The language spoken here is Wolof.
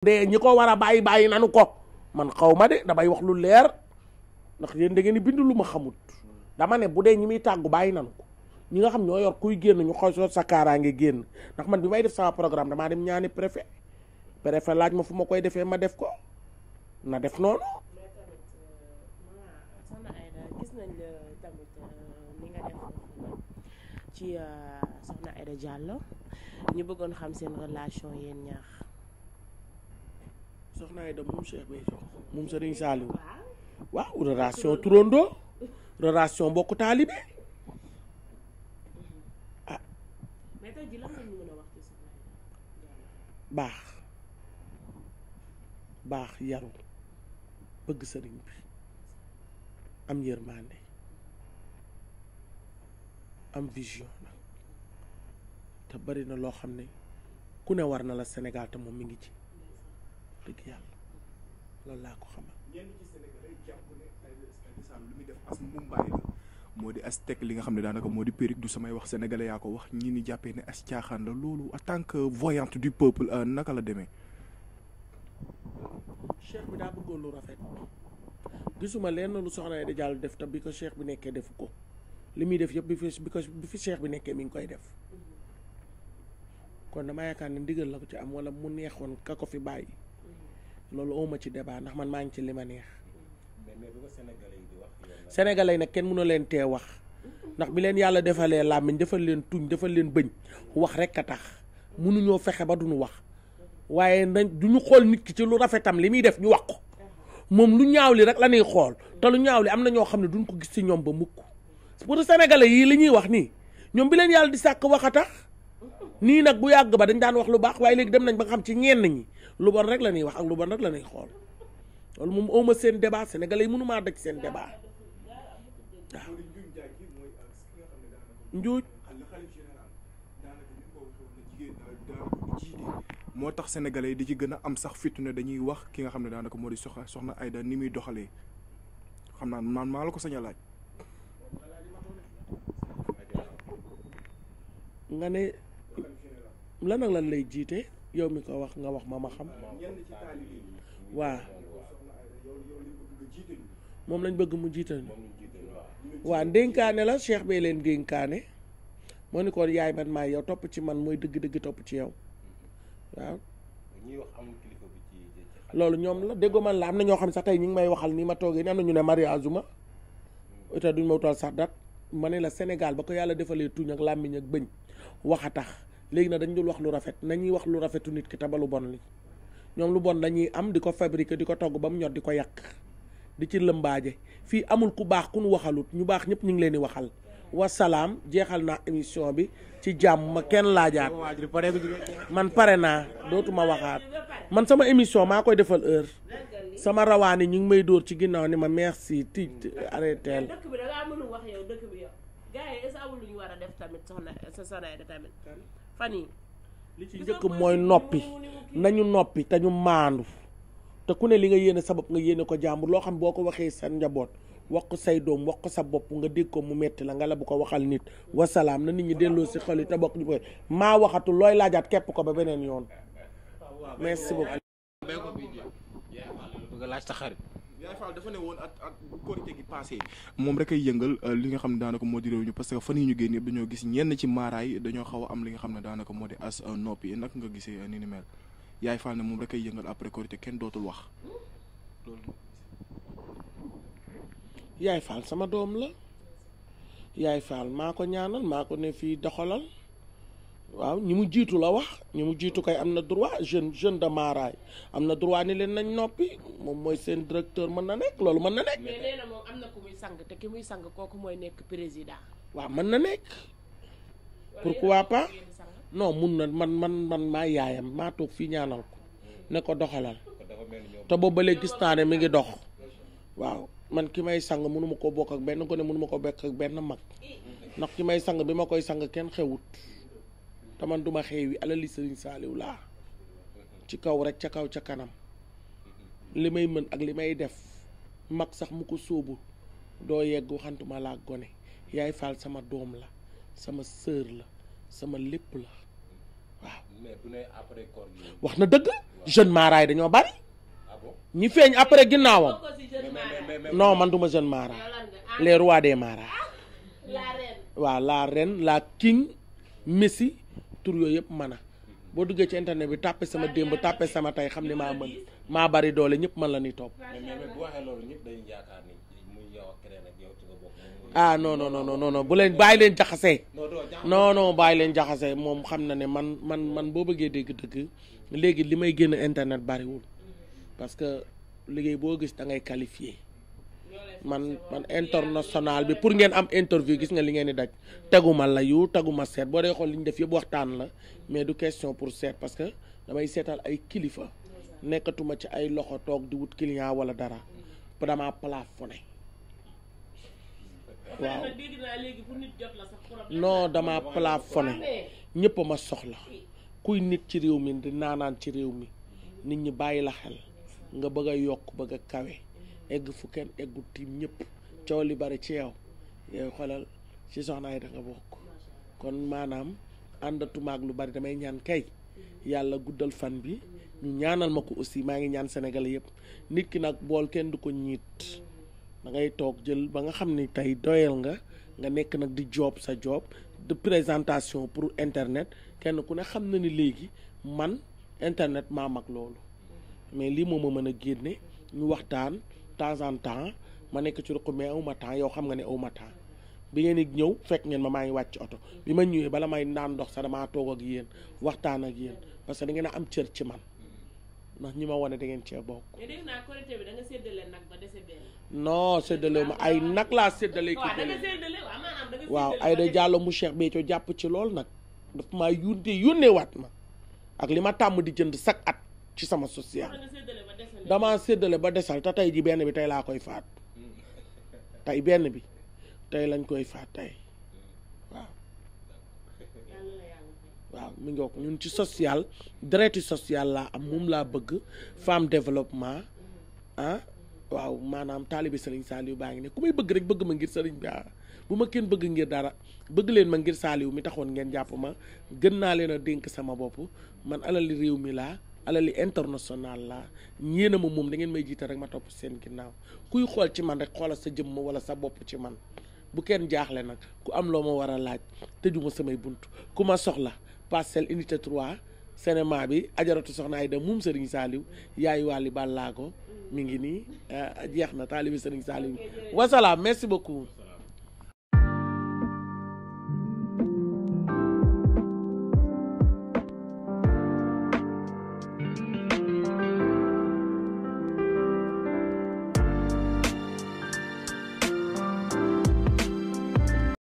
de ñi ko war a bàyyi bàyyi nanu ko man xaw ma de damay wax lu leer ndax yéen da ngeen di bind lu ma xamut dama ne bu dee ñi muy tàggu bàyyi nanu ko ñi nga xam ñoo yor kuy génn ñu xool soo sa kaaraange génn ndax man bi may def sama programme damaa dem ñaani préfet préfet laaj ma fu ma koy defee ma def ko na def noonu. ci euh, soxna Aïda Diallo ñu bëggoon xam seen relation yéen ñaax soxna Aida moom Cheikh Béthio moom Serigne Saliou waaw relation turandoo relation mbokku taalibe ah baax baax yaru bëgg sëriñ bi am yërmande am vision te bari na loo xam ne ku ne war na la Sénégal te moom mi ngi ci dëgg yàlla loolu laa ko xamal. ñenn ci Sénégal lu def as mumbaay la moo di as aztèque li nga xam ne daanaka moo di périque du samay wax sénégalais yaa ko wax ñi ni jàppee ne as caaxaan la loolu en tant que voyante du peuple euh, naka la demee. cheikh bi daa bëggoon lu rafet gisuma lenn lu soxna di jàll def te bi ko cheikh bi nekkee defu ko li muy def yëpp bi fi bi fi cheikh bi nekkee mi ngi koy def kon dama yaakaar ne ndigal la ko ci am wala mu neexoon ka ko fi bàyyi. loolu awma ci debaa ndax man maa ngi ci li ma yi nag kenn mënu leen tee wax ndax bi leen yàlla defalee làmmiñ defal leen tuñ defal leen bëñ wax rek a tax mënuñoo fexe ba du duñu wax waaye nañ duñu xool nit ki ci lu rafetam li muy def ñu wax ko moom lu ñaaw li rek la ñuy xool te lu ñaaw li am na ñoo xam ne duñ ko gis ci ñoom ba mukk pour sénégalais yii li ñuy wax nii ñoom bi leen yàlla di sàkk wax a tax ni nak bu yag ba dañ dan wax lu bax way leg dem nañ ba xam ci ñen ñi lu bon rek la ni wax ak lu bon rek la ni xol loolu mum awma sen débat sénégalais mënu ma daj sen débat waaw motax sénégalais di ci gëna am sax fitu dañuy wax ki nga xam da naka modi soxna soxna ni muy xamna man ma la ko laaj nga lan ak lan lay jité yow mi ko wax nga wax mama xam waa mom lañ bëgg mu jité wa dénkaane la cheikh bay leen dénkaane moo ni ko yaay man may yow top ci man moy dëgg-dëgg top ci yow ci lolu ñom la déggoo man la amna ño xam sax tay ñi ngi may waxal ni ma toge ni amna ñu ne mariage ma eta duñ ma wutal sax dat mané la Sénégal ba ko tuñ ak lamiñ ak bëñ waxa tax légui na dañ dul wax lu rafet nañuy wax lu rafetu nit ki te ba bon li ñom lu bon lañuy am diko fabriquer diko togg bam ñor diko yak di ci lembaaje fi amul ku baax ku nu waxalut ñu baax ñep ñing leen di waxal salam jeexal na émission bi ci jamm ken la jaar man paré na dootuma waxaat man sama émission ma koy defal heure sama rawani ñing may door ci ginnaw ni ma merci ti arrêtel dëkk bi da ngaa mënul wax yow dëkk bi yow gars yi est-ce amul def tamit soxna sa sonaay tamit fan li ci njëkk mooy noppi nañu noppi te ñu maandu te ku ne li nga yéene sa bopp nga yéene ko jàmbur loo xam boo ko waxee seen njaboot wax ko say doom wax ko sa bopp nga dégg ko mu metti la nga la bu ko waxal nit wasalaam na nit ñi delloo si xol te bokk ñu koy maa waxatu looy laajaat képp ko ba beneen yoon merci beaucoup. Baye Fall dafa ne woon at moom rek ay yëngal euh, li nga xam ne daanaka moo di réew ñu parce que fan yi ñu génn ba ñoo gis ñenn ci maaraay dañoo xaw am li nga xam ne daanaka moo di as noppi nag nga gisee euh, ni mel Yaay Fall ne moom rek ay yëngal après korité kenn dootul wax loolu. Yaay Fall sama doom la Yaay Fall maa ko ñaanal maa ko ne fii doxalal. waaw ñi mu jiitu la wax ñi mu jiitu kay am na droit jeune jeune de maaraay am na droit ni leen nañ noppi moom mooy seen directeur mën na nekk loolu mën na nekk. mais nee am na ku muy te ki muy sang kooku mooy nekk président. waaw mën na nekk. pourquoi pas non mun na man man man maa yaayam maa toog fii ñaanal ko ne ko doxalal te boobu ba léegi gis naa ne mi ngi dox waaw man ki may sang mënuma ko bokk ak benn gone mënuma ko bokk ak benn mag ndax ki may sang bi ma koy sang kenn xewut. te man duma xeewi alali sëriñ saaliw laa ci kaw rek ca kaw ca kanam li may mën ak li may def mag sax mu ko sóobu doo yegg waxantuma laa gone yaay faal sama doom la sama sœur la sama lépp la waaw wax na dëgg jeune maaraay dañoo bari ah ñi feeñ après ginnaawam non man duma jeune maaraay ah? les rois des maaraay waaw la reine la king messi tur yooyu yëpp mën a boo duggee ci internet bi tàppe sama démb tàppe sama tey xam ne maa mën maa bari doole ñëpp mën la ni topp. mais bu loolu ñëpp dañuy yaakaar ni muy yow ak keneen ak yow ci nga bokk. Ah, leen bàyyi leen jaxasee. non non bàyyi leen jaxasee moom xam na ne man man man boo bëggee dégg dëgg léegi li may génn internet bariwul parce que liggéey boo gis da ngay qualifié. man man international bi pour ngeen am interview gis nga li ngeen di daj teguma la yu teguma set bo day xol liñ def yeb waxtan la mais du question pour set parce que damay setal ay kilifa nekatuma ci ay loxo tok di wut client wala dara ba dama plafoné waaw non dama plafoné ñëpp ma soxla kuy nit ci réew mi di nanan ci réew mi nit ñi bayila xel nga bëgg yok bëgg kawe egg fu nyep eggu tiim ñëpp coow li bari ci yow yow xoolal ci soxna yi da nga bokk kon maanaam àndatumaag lu bari damay ñaan kay yàlla guddal fan bi ñu ñaanal ma ko aussi maa ngi ñaan Sénégal nit ki nag bool kenn du ko ñiit da ngay toog jël ba nga xam ni tey nga nga nekk nag di job sa job de présentation pour internet kenn ku ne xam na ni léegi man internet maa mag loolu mais lii moo ma mën a génne ñu waxtaan temps en temps ma nekk ci ruq mais aw ma temps yow xam nga ne aw ma temps bi ngeen di ñëw fekk ngeen ma maa ngi wàcc oto bi ma ñëwee bala may naan ndox sax damaa toog ak yéen waxtaan ak yéen parce que da ngeen am cër ci man ndax ñi ma wane da ngeen cee bokk. mais dégg naa korité bi da nga ma ay nag laa seddale waaw da nga séddale waaw ay da jàll mu Cheikh Béthio jàpp ci lool nag daf maa yónnee yónneewaat ma ak li ma tàmm di jënd chaque at ci sama social dama seddel ba dessal ta tay ji ben bi tay la koy fat tay ben bi tay lañ koy fat tay waaw mi ngi wax ñun ci social droit social la am mum la bëgg femme développement ah waaw manam talibi Serigne Saliou saliu bang ne kumay bëgg rek bëgg ma ngir Serigne ba ah. bu ma kenn bëgg ngir dara bëgg leen ma ngir Saliou mi taxoon ngeen jappuma gën na leena denk sama bop man alal rew mi la alali international la ñeena ma moom da ngeen may jiital rek ma topp seen ginnaaw kuy xool ci man rek xoolal sa jëmm wala sa bopp ci man bu kenn jaaxle nag ku am loo ma war a laaj tëjuma samay bunt ku ma soxla parcelle unité trois cinéma bi ajaratu soxna ay dem moom Serigne Saliou yaay wàlli bàllaago mi ngi nii eh, jeex na taalibi Serigne Saliou wasalaam merci beaucoup